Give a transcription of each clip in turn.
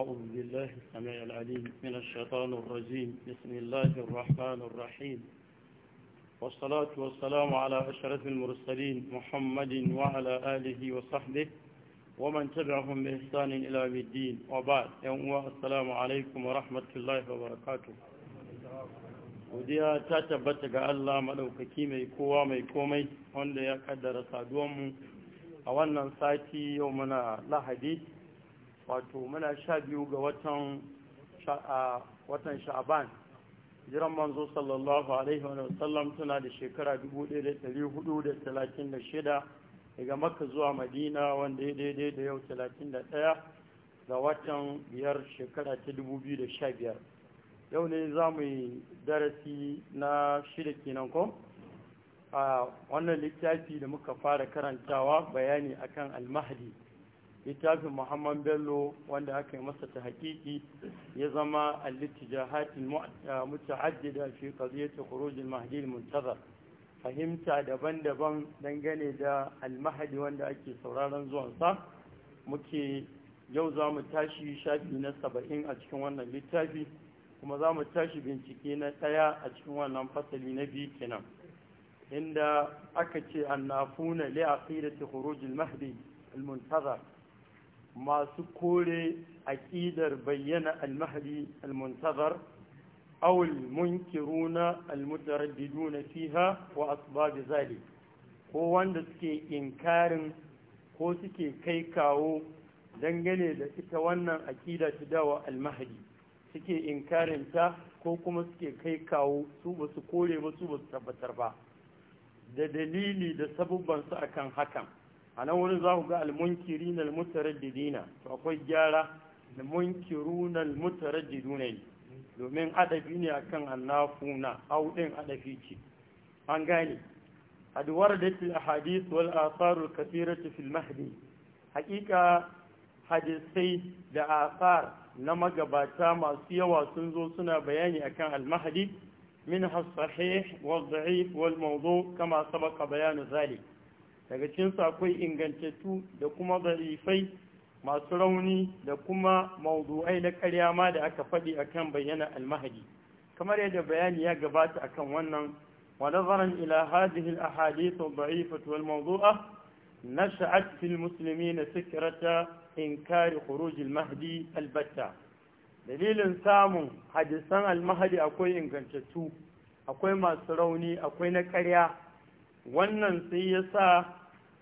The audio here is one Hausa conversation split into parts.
أعوذ بالله السميع العليم من الشيطان الرجيم بسم الله الرحمن الرحيم والصلاة والسلام على أشرف المرسلين محمد وعلى آله وصحبه ومن تبعهم بإحسان إلى الدين وبعد يوم السلام عليكم ورحمة الله وبركاته godiya ta tabbata ga Allah maɗaukaki mai kowa mai komai wanda ya kaddara saduwanmu a wannan sati yau muna lahadi wato muna sha biyu ga watan sha'aban jiran manzo sallallahu alaihi wa sallam tana da shekara 1436 daga makka zuwa madina wanda ya daidai da yau 31 ga watan biyar shekara ta 2015 yau ne za mu yi darasi na shida kenan ko a wannan littafi da muka fara karantawa bayani akan almahdi littafin muhammad bello wanda aka yi masa ta hakiki ya zama al-littijahatin muta'addida fi qadiyati khuruj mahdi al-muntazar fahimta daban-daban dangane da al-mahdi wanda ake sauraron zuwan sa muke yau za mu tashi shafi na saba'in a cikin wannan littafi kuma za mu tashi bincike na ɗaya a cikin wannan fasali na biyu kenan inda aka ce annafuna li aqidati khuruj al-mahdi al-muntazar masu kore aƙidar bayyana almahdi almuntazar أو المنكرون fiha wa asbab zalik ko wanda suke inkarin ko suke kai kawo dangane da ita wannan aƙida ta dawa mahdi suke inkarin ta ko kuma suke kai kawo su ba su kore ba su ba su tabbatar ba da dalili da su akan hakan a nan wurin za ku ga almunkiri na almutarar da dina to akwai gyara na munkiru na almutarar da duna domin adafi ne a kan annafu na audin adafi ce an gane a da ke a hadisu wal asarul kafira ta fil hakika hadisai da asar na magabata masu yawa sun zo suna bayani akan almahadi min hasahih wal da'if wal mawdu kama sabaka bayanu zalik daga cinsu akwai ingantattu da kuma zarifai masu rauni da kuma maudu'ai na ƙarya ma da aka faɗi akan bayyana almahadi kamar yadda bayani ya gabata akan wannan wa nazaran ila hadhihi al-ahadith ad-da'ifah wal mawdu'ah nash'at fil muslimin fikrata inkar khuruj al-mahdi al-batta dalilin samun hadisan al-mahdi akwai ingantattu akwai masu rauni akwai na ƙarya wannan sai ya sa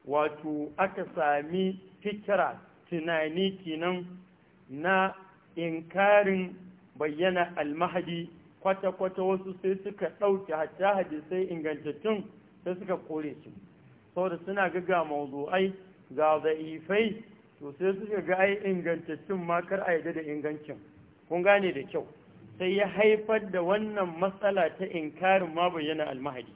wato aka sami fikira tunani kenan na inkarin bayyana almahadi kwata-kwata wasu sai suka ɗauke hajji sai ingantattun sai suka kore su saboda suna ga mawzu'ai ga za'ifai to sai suka ga ai ingantattun ma kar a yadda da ingancin kun gane da kyau sai ya haifar da wannan matsala ta inkarin ma bayyana almahadi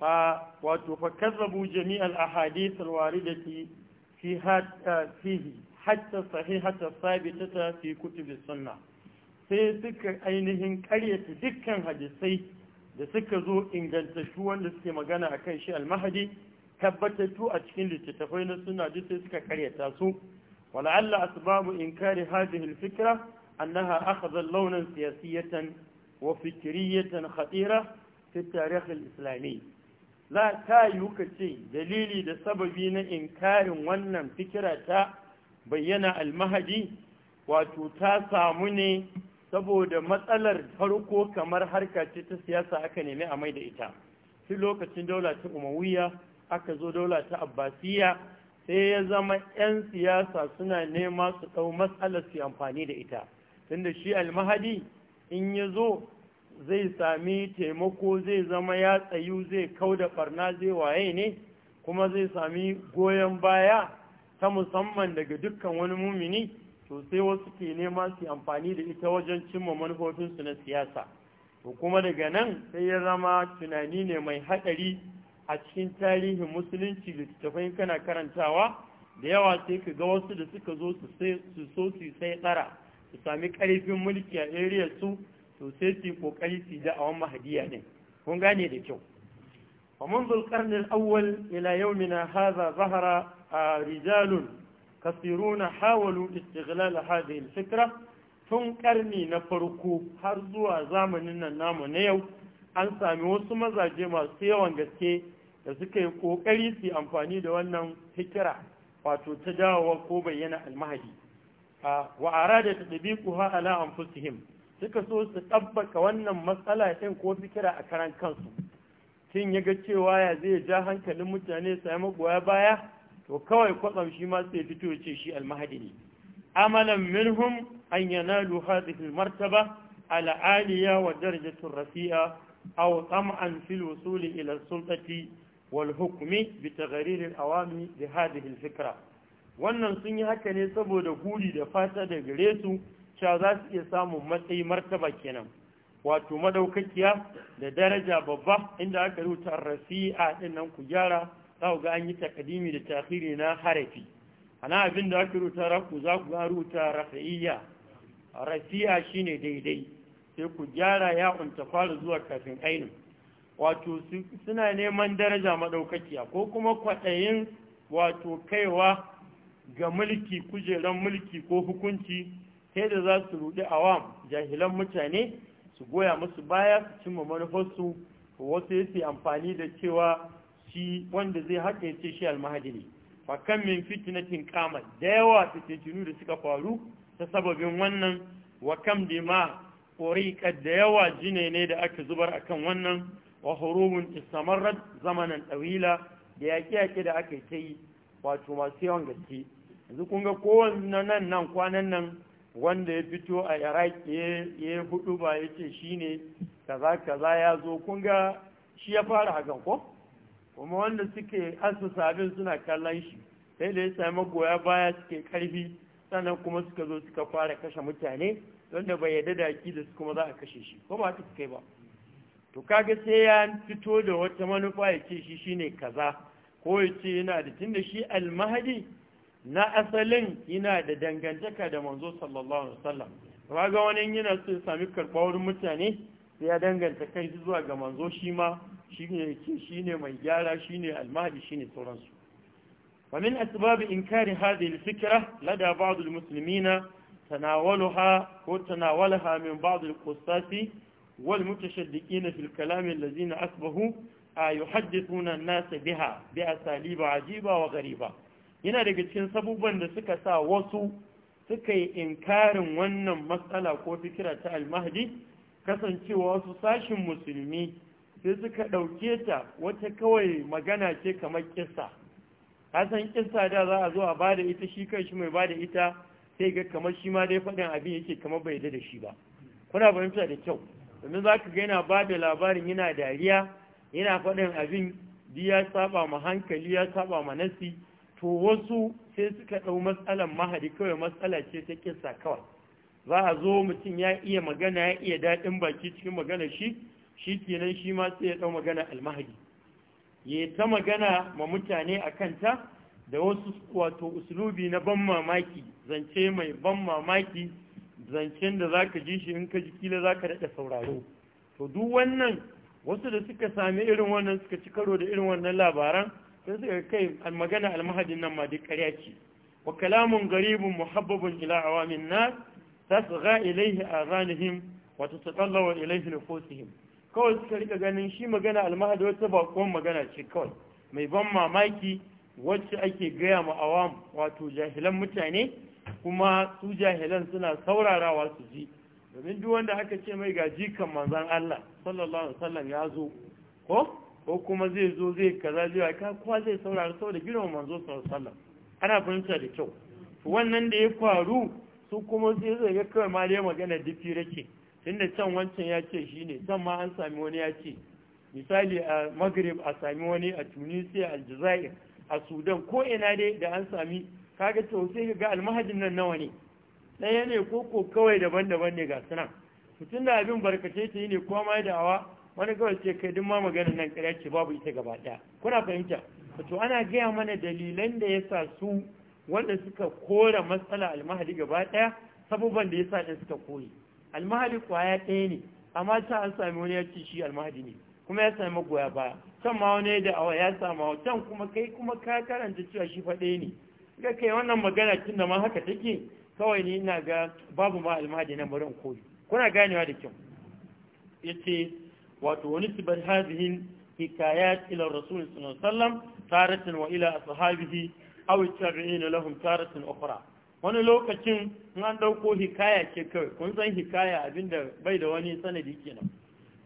fa wato fa kazzabu jami'al ahadith alwaridati fi hatta eh, fihi hatta sahihata sabitata fi kutubi sunna sai suka ainihin karyata dukkan hadisai da suka zo ingantattu wanda suke magana akan shi almahadi tabbatattu a cikin littattafai na suna duk sai suka karyata su ولعل أسباب إنكار هذه الفكرة أنها launin لونا wa وفكرية خطيرة في التاريخ الإسلامي za ta yi ka ce dalili da sababi na inkarin wannan fikira ta bayyana almahadi wato ta samu ne saboda matsalar farko kamar harka ce ta siyasa aka nemi a mai da ita tun lokacin daula ta umawiya aka zo daula ta abbasiya sai ya zama 'yan siyasa suna nema su ɗau matsalar su amfani da ita tunda shi almahadi in ya zo zai sami taimako zai zama ya tsayu zai kau da barna zai waye ne kuma zai sami goyon baya ta musamman daga dukkan wani mumini to sai wasu ke nema su amfani da ita wajen cimma manufofinsu na siyasa to kuma daga nan sai ya zama tunani ne mai haɗari a cikin tarihin musulunci littattafai kana karantawa da yawa sai ka ga wasu da suka zo su so su sai tsara su sami ƙarfin mulki a area su to sai su yi kokari su da'awan mahadiya ne kun gane da kyau wa منذ القرن الأول إلى يومنا هذا ظهر رجال كثيرون حاولوا استغلال هذه الفكرة tun karni na farko har zuwa zamanin nan namu na yau an sami wasu mazaje masu yawan gaske da suka yi kokari su amfani da wannan fikira wato ta dawowa ko bayyana almahadi wa arada ta dabiquha ala anfusihim suka so su tabbaka wannan matsala ɗin ko fikira a karan kansu tun ya ga cewa ya zai ja hankalin mutane sai magoya baya to kawai kwatsam shi ma sai fito ya ce shi almahadi ne amalan minhum an yanalu hadhihi almartaba ala aliya wa darajatu rafi'a aw tam'an fil wusuli ila sultati wal hukmi bi tagharir al awami bi hadhihi al fikra wannan sun yi haka ne saboda guri da fata da gare su cewa za su iya samun matsayi martaba kenan wato madaukakiya da daraja babba inda aka rubuta rafi'a din nan ku gyara za ku ga an yi takadimi da takhiri na harafi ana abin da aka rubuta raku za ku ga rubuta rafi'iyya rafi'a shine daidai sai ku gyara ya unta fara zuwa kafin ainin wato suna neman daraja madaukakiya ko kuma kwaɗayin wato kaiwa ga mulki kujerar mulki ko hukunci sai da za su rudi awam jahilan mutane su goya musu baya su cimma manufarsu wasu yake amfani da cewa shi wanda zai haƙe ce shi almahadi ne fakan min fitinatin kama da yawa fitintinu da suka faru ta sababin wannan wa kam ma ƙoriƙar da yawa jine ne da aka zubar a kan wannan wa hurubun istamarar zamanin ɗawila da yaƙe-yaƙe da aka yi ta yi wato masu yawan gaske yanzu kun ga kowanne nan nan wanda ya fito a iraq ya hudu ba ya ce shi ne kaza kaza ya zo kunga shi ya fara hakan ko kuma wanda suke asusa abin suna kallon shi sai da ya sami goya baya suke karfi sannan kuma suka zo suka fara kashe mutane wanda bai yarda da ki da su kuma za a kashe shi ko ba ta kai ba to kaga sai ya fito da wata manufa ya ce shi shine kaza ko ya ce yana da tunda shi almahadi na asalin yana da dangantaka da manzo sallallahu alaihi wasallam ba ga wani yana sun sami karɓa mutane sai ya danganta kai zuwa ga manzo shi ma shi ne mai gyara shi ne almahdi shi ne sauransu wa min asbab inkar hadhihi fikira lada ba'd almuslimina tanawalaha ko tanawalaha min ba'd alqustasi wal mutashaddiqin fi alkalam alladhina asbahu ayuhaddithuna an-nas biha bi asaliba ajiba wa ghariba yana daga cikin sabubban da suka sa wasu suka yi inkarin wannan matsala ko fikira ta almahdi kasancewa wasu sashin musulmi sai suka ɗauke ta wata kawai magana ce kamar kisa hasan kisa da za a zo a bada ita shi kai shi mai bada ita sai ga kamar shi ma dai faɗin abin yake kamar bai da shi ba kuna fahimta da kyau domin za ka ga yana ba da labarin yana dariya yana faɗin abin ya saba ma hankali ya saba ma nasi to wasu sai suka ɗau matsalan mahadi kawai matsala ce ta kisa kawai za a zo mutum ya iya magana ya iya daɗin baki cikin magana shi shi kenan shi ma sai ya ɗau magana almahadi ya ta magana ma mutane a kanta da wasu wato uslubi na ban mamaki zance mai ban mamaki zancen da za ka ji shi in ka ji kila za ka daɗa sauraro to duk wannan wasu da suka sami irin wannan suka ci karo da irin wannan labaran sai kai magana almahadin nan ma duk ƙarya ce wa kalamun garibun muhabbabun ila awamin ilaihi a zanihim wata wa tatatallawa na nufusihim kawai suka rika ganin shi magana almahadi wata bakon magana ce kawai mai ban mamaki wacce ake gaya ma awam wato jahilan mutane kuma su jahilan suna saurarawa su ji domin duk wanda aka ce mai gaji kan manzon Allah sallallahu alaihi wasallam ya zo ko ko kuma zai zo zai kaza zai ka kowa zai saurara saboda girman manzo sallallahu ana fahimta da kyau wannan da ya faru su kuma sai zai ga kawai ma dai magana dufi rake tunda can wancan ya ce shine can ma an sami wani ya ce misali a maghrib a sami wani a tunisia aljazair a sudan ko ina dai da an sami kaga to sai ga almahadin nan nawa ne ɗaya ne ko ko kawai daban-daban ne ga sunan mutum da abin barkace ta yi ne ko ma da'awa wani kawai ce kai duk ma magana nan kira ce babu ita gaba ɗaya kuna fahimta wato ana gaya mana dalilan da yasa su wanda suka kora matsala almahadi gaba ɗaya sabubban da sa ɗin suka koyi almahadi kwaya ɗaya ne amma ta an sami wani ya ce shi almahadi ne kuma ya sami magoya baya can ma wani da awa ya awa can kuma kai kuma ka karanta cewa shi faɗe ne ga kai wannan magana tun da ma haka take kawai ne ina ga babu ma almahadi na bari in kori kuna ganewa da kyau yace wato wani sibar hadihin hikayat ila rasul sallallahu alaihi wasallam taratan wa ila ashabihi aw tabi'ina lahum taratin ukhra wani lokacin in an dauko hikaya ke kawai kun san hikaya abinda bai da wani sanadi kenan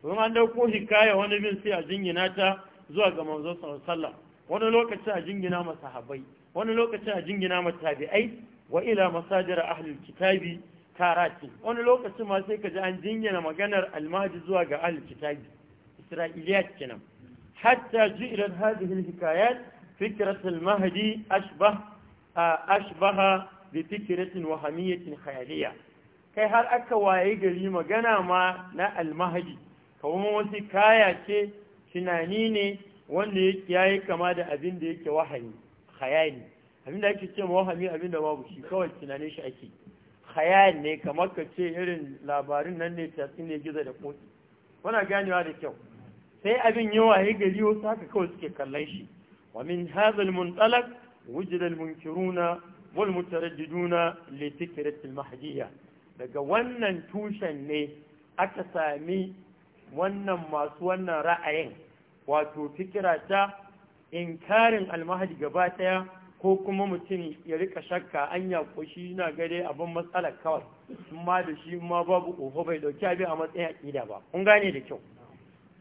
kun an dauko hikaya wani bin sai a jingina ta zuwa ga manzo sallallahu alaihi wani lokacin a jingina masahabai wani lokacin a jingina matabi'ai wa ila masajir ahlul kitabi tara ce wani lokacin ma sai ka ji an jinyana maganar almahdi zuwa ga ahlul isra'iliya kenan hatta ju'ilat hadhihi alhikayat fikrat almahdi ashbah ashbaha bi fikiratin wahamiyatin khayaliya kai har aka waye gari magana ma na almahadi kawai wasu kaya ce tunani ne wanda yake yayi kama da abin da yake wahayi khayali abin da ake ce ma wahami abin da babu shi kawai tunanin shi ake khayal ne kamar ka ce irin labarin nan ne tatsi ne gizo da Kotu? muna ganewa da kyau sai abin yawa ya gari wasu haka kawai suke kallon shi wa min hadhal muntalaq wujida munkiruna wal mutaraddiduna li fikrat al mahdiyya daga wannan tushen ne aka sami wannan masu wannan ra'ayin wato fikira ta inkarin al mahdi gaba daya ko kuma mutum ya rika shakka an ya shi na gare abin matsalar kawai in da shi ma babu ƙofa bai dauki abin a matsayin aƙida ba kun gane da kyau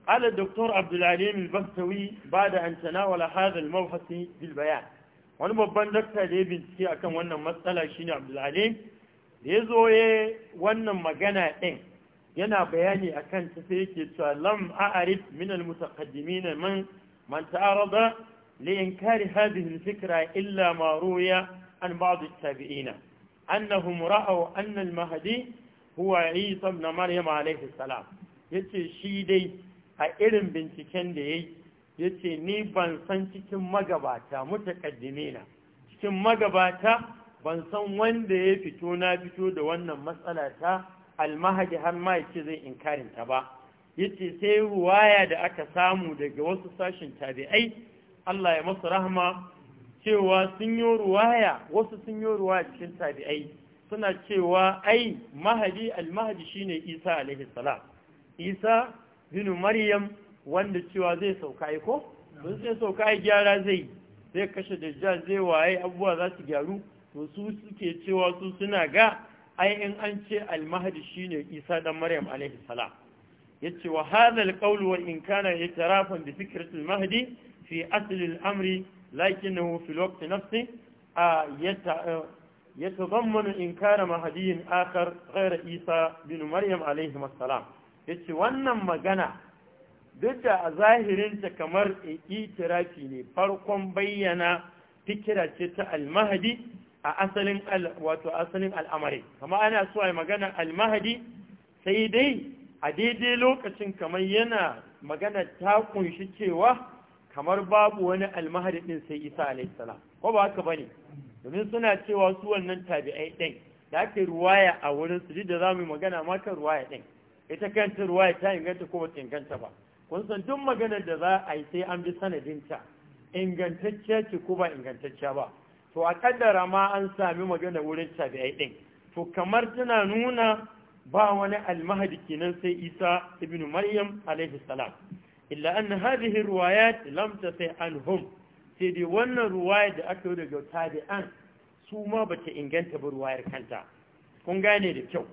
قال الدكتور عبد العليم البكتوي بعد أن تناول هذا المبحث بالبيان wani babban dakta da ya bincike akan wannan matsala shine Abdul da ya zo ya wannan magana ɗin yana bayani akan ta sai yake cewa lam a'arif min al-mutaqaddimin man man ta'arada لإنكار هذه الفكرة إلا ما روي عن بعض التابعين أنهم رأوا أن المهدي هو عيسى بن مريم عليه السلام yace shi dai a irin binciken da yayi yace ni ban san cikin magabata mutakaddimina cikin magabata ban san wanda ya fito na fito da wannan matsala ta almahadi har ma yace zai inkarin ta ba yace sai ruwaya da aka samu daga wasu sashin tabi'ai Allah ya masu rahama cewa sun yi ruwaya wasu sun yi ruwaya cikin tabi'ai suna cewa ai mahadi almahadi shine Isa alaihi salam Isa bin Maryam wanda cewa zai sauka ai ko don sai sauka ai gyara zai zai kashe dajjal zai waye abubuwa za su gyaru to su suke cewa su suna ga ai in an ce almahadi shine Isa dan Maryam alaihi salam yace wa hadha alqawlu wa in kana yatarafan bi fikratil mahdi في أصل الأمر لكنه في الوقت in يتضمن إنكار مهدي آخر غير إيسى بن مريم عليه السلام yace wannan magana duk da a zahirinta kamar itirafi ne farkon bayyana fikira ce ta almahadi a asalin wato asalin al'amari kama ana so a magana almahadi sai dai a daidai lokacin kamar yana magana ta kunshi cewa kamar babu wani almahadi din sai isa alaihissalam ko ba haka bane domin suna cewa su wannan tabi'ai din da aka ruwaya a wurin su da za mu magana ma kan ruwaya din ita kanta ruwaya ta inganta ko bata inganta ba kun san duk maganar da za a yi sai an bi sanadinta ingantacciya ce ko ba ingantacciya ba to a kaddara ma an sami magana wurin tabi'ai din to kamar tana nuna ba wani almahadi kenan sai isa ibnu maryam alaihi salam illa an hadhihi riwayat lam tasih anhum sai dai wannan riwaya da aka yi daga tabi'an su ma bata inganta ba riwayar kanta kun gane da kyau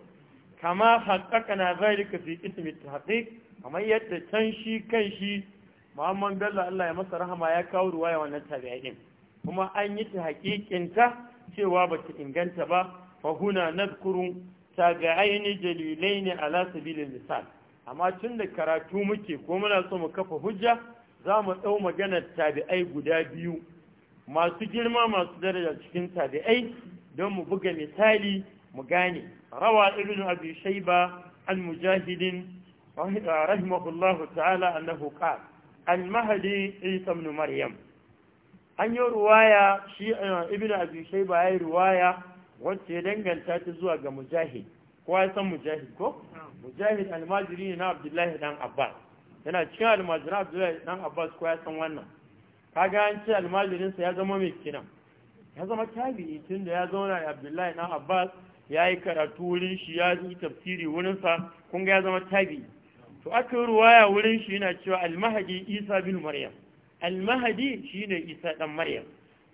kama haqqaqana zalika fi ism tahqiq kamar yadda can shi kan shi Muhammad Bello Allah ya masa rahama ya kawo ruwaya wannan tabi'ai kuma an yi ta hakikinta cewa bata inganta ba fa huna nadhkuru tabi'aini jalilaini ala sabilil misal amma tun da karatu muke ko muna so mu kafa hujja za mu ɗau maganar tabi'ai guda biyu masu girma masu daraja cikin tabi'ai don mu buga misali mu gane rawa ibn abi shayba an mujahidin rahimahullahu ta'ala annahu qala al mahdi isa ibn maryam an yi ruwaya shi ibn abi shayba yayi ruwaya wacce danganta ta zuwa ga mujahid kowa ya san mujahid ko mujahid almajiri ne na abdullahi dan abbas yana cikin almajirin abdullahi dan abbas kowa ya san wannan kaga an ce almajirinsa ya zama mai kinan ya zama tabi'i tun da ya zauna abdullahi dan abbas ya yi karatu wurin shi ya yi tafsiri wurinsa kun ga ya zama tabi'i to aka yi ruwaya wurin shi yana cewa almahadi isa bin maryam almahadi shine isa dan maryam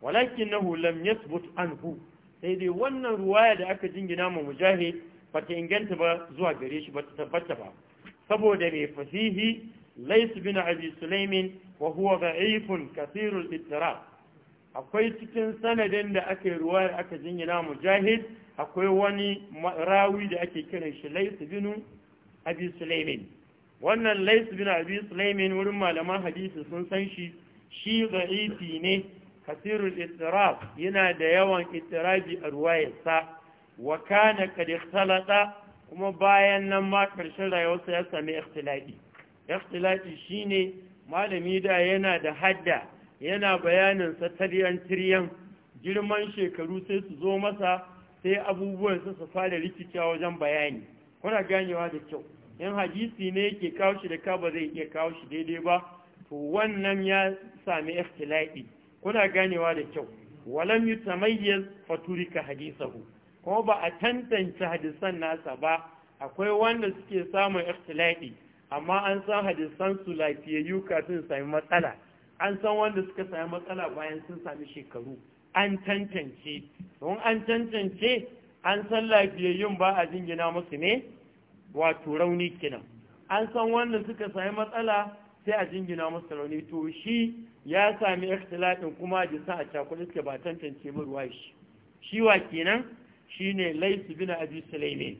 walakinahu lam yathbut anhu sai dai wannan ruwaya da aka jingina ma mujahid ba ta inganta ba zuwa gare shi ba ta tabbata ba saboda mai fasihi laisu bin abi sulaimin wa huwa da'ifun kasirul ittirab akwai cikin sanadin da aka yi da aka jingina mujahid akwai wani rawi da ake kiran shi laisu bin abi sulaimin wannan laisu bin abi sulaimin wurin malaman hadisi sun san shi shi da'ifi ne kasirul ittirab yana da yawan ittirabi a ruwayarsa wa kana kad ikhtalata kuma bayan nan ma karshen rayuwarsa ya sami ikhtilati ikhtilati shine malami da yana da hadda yana bayanin sa tiryan tiryan girman shekaru sai su zo masa sai abubuwan su fara rikicewa wajen bayani kuna ganewa da kyau in hadisi ne yake kawo shi da ka ba zai iya kawo shi daidai ba to wannan ya sami ikhtilati kuna ganewa da kyau walam yutamayyaz faturika hadisahu ko ba a tantance hadisan nasa ba akwai wanda suke samun ikhtilafi amma an san hadisan su lafiyayyu kafin su sami matsala an san wanda suka sami matsala bayan sun sami shekaru an tantance don an tantance an san lafiyayyun ba a jingina musu ne wato rauni kenan an san wanda suka sami matsala sai a jingina musu rauni to shi ya sami ikhtilafin kuma hadisan a cakuɗe suke ba tantance ba ruwa shi shi wa kenan shine laisu bin abi sulaimin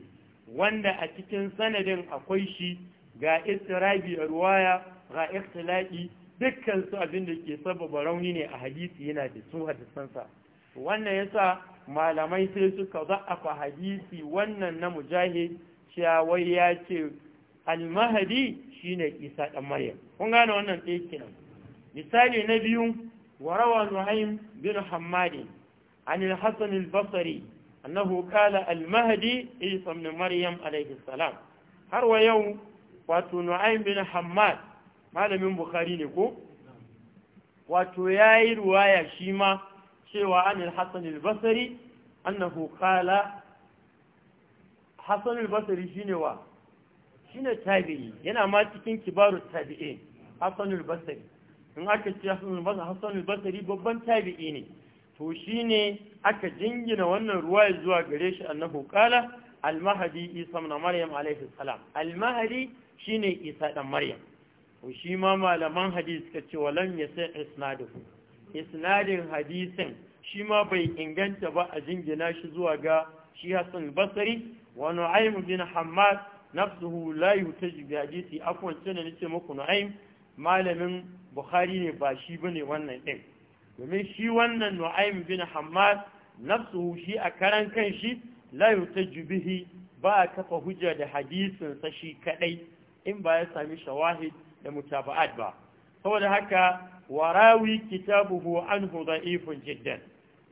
wanda a cikin sanadin akwai shi ga istirabi a ruwaya ga ikhtilaki dukkan su abin da ke sababa rauni ne a hadisi yana da su hadisansa wannan yasa malamai sai suka fa hadisi wannan na mujahid cewa wai ya ce almahadi shine isa dan maryam kun gane wannan tsaye kenan misali na biyu bin نعيم بن حماد عن al البصري annahu qala al-mahdi isa ibn maryam alayhi salam har wa yau wato nu'aym bin hammad malamin bukhari ne ko wato yayi ruwaya shi ma cewa an al-hasan al-basri annahu qala hasan al-basri shine wa shine tabi'i yana ma cikin kibaru tabi'in hasan al-basri in aka ce hasan al-basri babban tabi'i ne to ne aka jingina wannan ya zuwa gare shi annahu kala al-mahdi isa na maryam alaihi salam al shi ne isa dan maryam to shi ma malaman hadis suka ce walam yasa isnadu isnadin hadisin shi ma bai inganta ba a jingina shi zuwa ga shi Hassan Basri wa Nu'aym bin Hammad nafsuhu la yutaji bi hadisi afwan ne nace muku Nu'aym malamin Bukhari ne ba shi bane wannan din domin shi wannan nu'aim bin hammad nafsuhu shi a karan shi la yutaju bihi ba a kafa hujja da hadisin sa shi kadai in ba ya sami shawahid da mutaba'at ba saboda haka warawi kitabuhu anhu da'ifun jiddan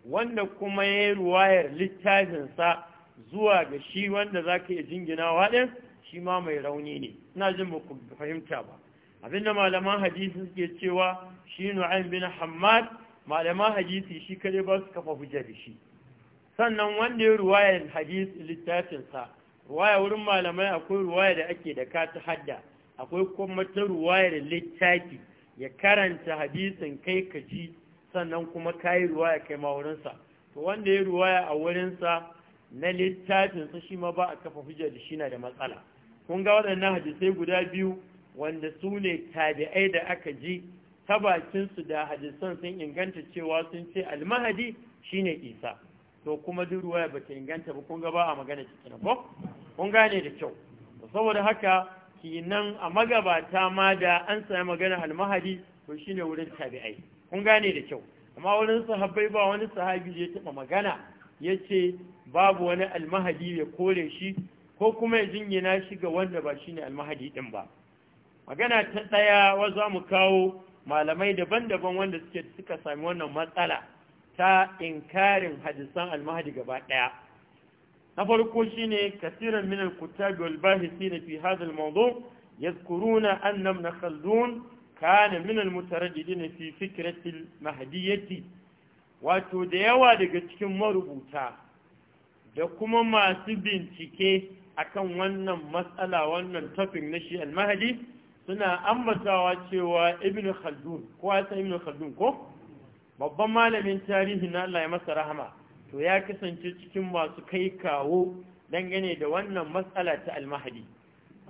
wanda kuma ya ruwayar littafin sa zuwa ga shi wanda zaka iya jinginawa din shi ma mai rauni ne ina jin ba ku fahimta ba abinda malaman hadisi suke cewa shi nu'aim bin hammad malaman hadisi shi kare ba su kafa hujja da shi sannan wanda ya ruwayar hadis littafinsa ruwaya wurin malamai akwai ruwaya da ake da ka ta hadda akwai kuma ta da littafi ya karanta hadisin kai ka ji sannan kuma ka yi ruwaya kai ma wurinsa to wanda ya ruwaya a wurinsa na littafinsa shi ma ba a kafa hujja da shi na da matsala kun ga waɗannan hadisai guda biyu wanda su ne tabi'ai da aka ji ta bakinsu da hadisan sun inganta cewa sun ce almahadi shine isa to kuma duk ruwaya ba ta inganta ba kun ga ba a magana cikin ko kun gane da kyau saboda haka kinan a magabata ma da an sami magana almahadi to shine wurin tabi'ai kun gane da kyau amma wurin sahabbai ba wani sahabi da ya taɓa magana ya ce babu wani almahadi ya kore shi ko kuma ya jingina shi ga wanda ba shine almahadi din ba magana ta ɗaya wa za mu kawo malamai daban-daban wanda suke suka sami wannan matsala ta inkarin hadisan almahadi gaba ɗaya na farko shine kasiran minar al-kuttab wal na fi hadha al-mawdu yadhkuruna anna na khaldun kana min da mutaraddidin fi fikrati al wato da yawa daga cikin marubuta da kuma masu bincike akan wannan matsala wannan topic na shi al-mahdi suna ambatawa cewa ibn khaldun ko ya ibn khaldun ko babban malamin tarihi na Allah ya masa rahama to ya kasance cikin masu kai kawo dangane da wannan matsala ta almahadi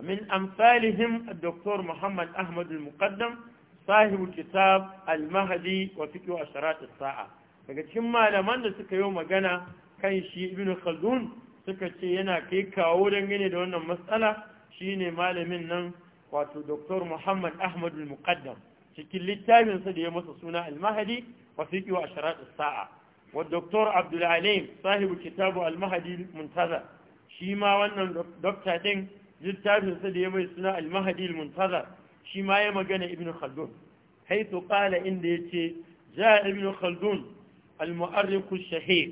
min amsalihim dr muhammad ahmad al-muqaddam sahibu kitab al-mahdi wa fiqh asharat as-sa'a daga cikin malaman da suka yi magana kan shi ibn Kaldun suka ce yana kai kawo dangane da wannan matsala shine malamin nan wato doktor Muhammad Ahmadu Muqaddam cikin littafinsa da ya masa suna al mahadi wa fiqi wa asharat as-sa'a wa Abdul Alim sahibu kitabu Al-Mahdi Muntazar shi ma wannan dokta din littafinsa da ya mai suna Al-Mahdi Muntazar shi ma ya magana ibnu Khaldun haythu qala inda yace ja'a ibnu Khaldun al-mu'arrikh ash-shahih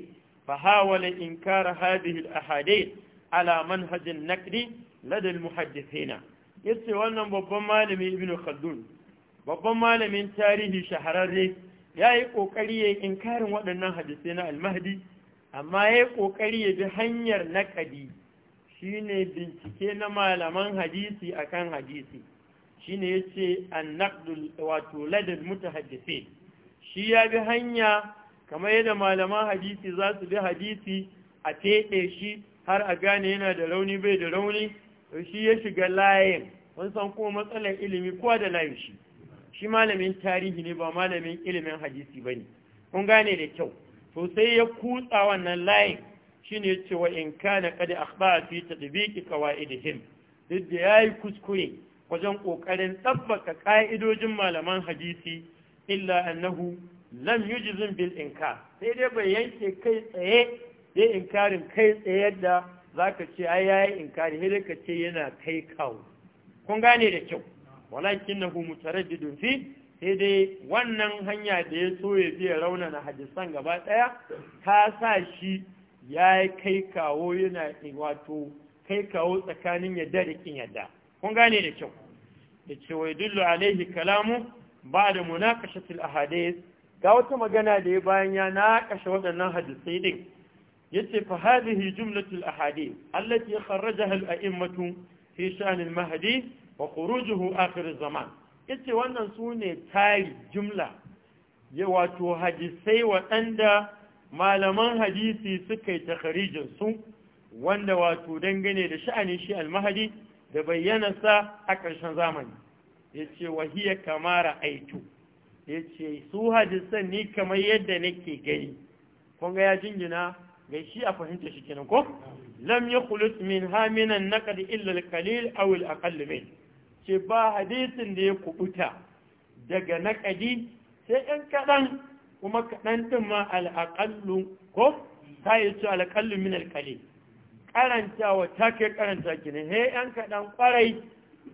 فحاول إنكار ala الأحاديث على منهج النقد لدى المحدثين yace wannan babban malami ibn khaldun babban malamin tarihi shahararre ya yi ƙoƙari ya inkarin waɗannan hadisai na almahdi amma ya yi ƙoƙari ya bi hanyar naƙadi shi ne bincike na malaman hadisi akan hadisi shi ne ya ce an wato ladin mutu hadisai shi ya bi hanya kamar yadda malaman hadisi za su bi hadisi a teɗe shi har a gane yana da rauni bai da rauni to shi ya shiga layin wani san kuma matsalar ilimi kowa da layin shi shi malamin tarihi ne ba malamin ilimin hadisi ba ne kun gane da kyau to sai ya kutsa wannan layin shi ne cewa in ka na kada a fi kawa idihim duk da ya yi kuskure wajen kokarin tabbaka ka'idojin malaman hadisi illa annahu lam yujzim bil inka sai dai bai yanke kai tsaye dai inkarin kai tsaye da za ka ce ai yayi inkari sai ka ce yana kai kawo kun gane da kyau walakin na humu fi sai dai wannan hanya da ya so ya biya na hadisan gaba daya ta sa shi ya kai kawo yana wato kai kawo tsakanin yadda da kin yadda kun gane da kyau da cewa yadullu alaihi kalamu ba da munakashatul ahadith ga wata magana da ya bayan ya nakashe waɗannan hadisai din yace fa hadhihi jumlatul ahadith allati kharrajaha al-a'immatu fi sha'n al-mahdi wa khurujuhu akhir az-zaman yace wannan sune tari jumla ya wato hadisai waɗanda malaman hadisi suka yi takharijin su wanda wato dangane da sha'anin shi al-mahdi da bayyana sa a ƙarshen zamani yace wa hiya kamara aitu yace su hadisan ni kamar yadda nake gani kun ga ya jingina gai shi a fahimta shi kenan ko lam yakhlut min haminan naqd illa al-qalil a al-aqall ce ba hadisin da ya kubuta daga naqadi sai yan kaɗan kuma kadan din ma al-aqall ko ta yi ce al-aqall min al karantawa ta kai karanta kenan he yan kaɗan kwarai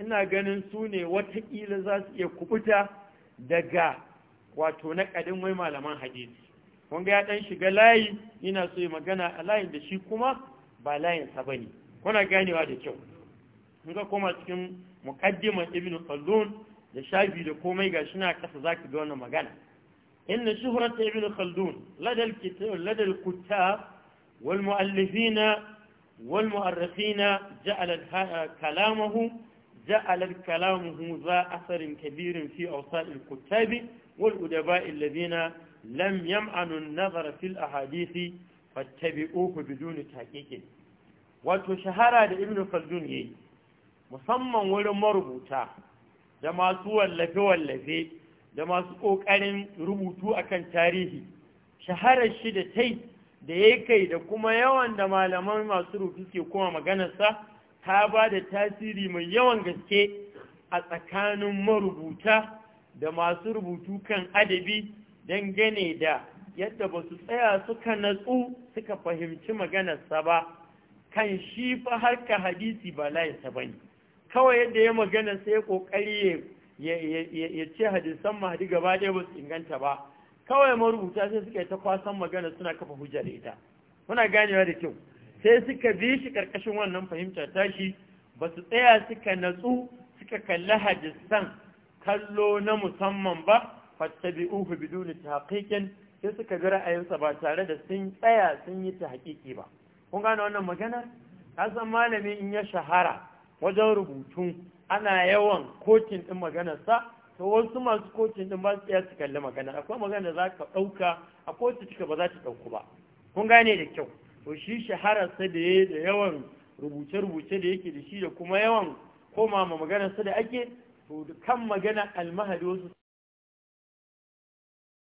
ina ganin su ne watakila za su iya kubuta daga wato naƙadin wai malaman hadisi wanga ya dan shiga layi ina so magana a layin da shi kuma ba layinsa sa bane kuna ganewa da kyau in koma cikin muqaddimar ibnu khaldun da shafi da komai gashi na kasa zaki ga wannan magana inna ta ibnu khaldun ladal kitab ladal kuttab wal muallifina wal mu'arrifina ja'ala kalamuhu جعل asarin kabirin fi awsal al أوصال wal والأدباء alladhina lam yam'anu an-nazar fil ahadisi fattabi'uhu bidun taqiqin wato shahara da ibnu khaldun yayi musamman wurin marubuta da masu wallafe wallafe da masu kokarin rubutu akan tarihi shaharar shi da tai da yayi kai da kuma yawan da malaman masu rubutu ke kuma maganarsa ta ba da tasiri mai yawan gaske a tsakanin marubuta da masu rubutu kan adabi dangane da yadda ba su tsaya suka natsu suka fahimci maganarsa ba kan shi fa harka hadisi ba layinsa ba ne kawai yadda ya magana sai ya ƙoƙari ya ce hadisan mahadi gaba ɗaya ba su inganta ba kawai marubuta sai suka yi ta kwasan magana suna kafa hujjar ita muna ganewa da kyau sai suka bi shi ƙarƙashin wannan fahimtar tashi ba su tsaya suka natsu suka kalli hadisan kallo na musamman ba fattabi'uhu biduni tahqiqin sai suka bi ra'ayinsa ba tare da sun tsaya sun yi ta hakiki ba kun gane wannan magana kasan malami in ya shahara wajen rubutu ana yawan kokin din maganarsa to wasu masu kokin din ba su iya su kalli magana akwai magana za ka dauka? a kotu cika ba za ta dauku ba kun gane da kyau to shi sa da da yawan rubuce-rubuce da yake da shi da kuma yawan koma ma maganarsa da ake to kan magana almahadi wasu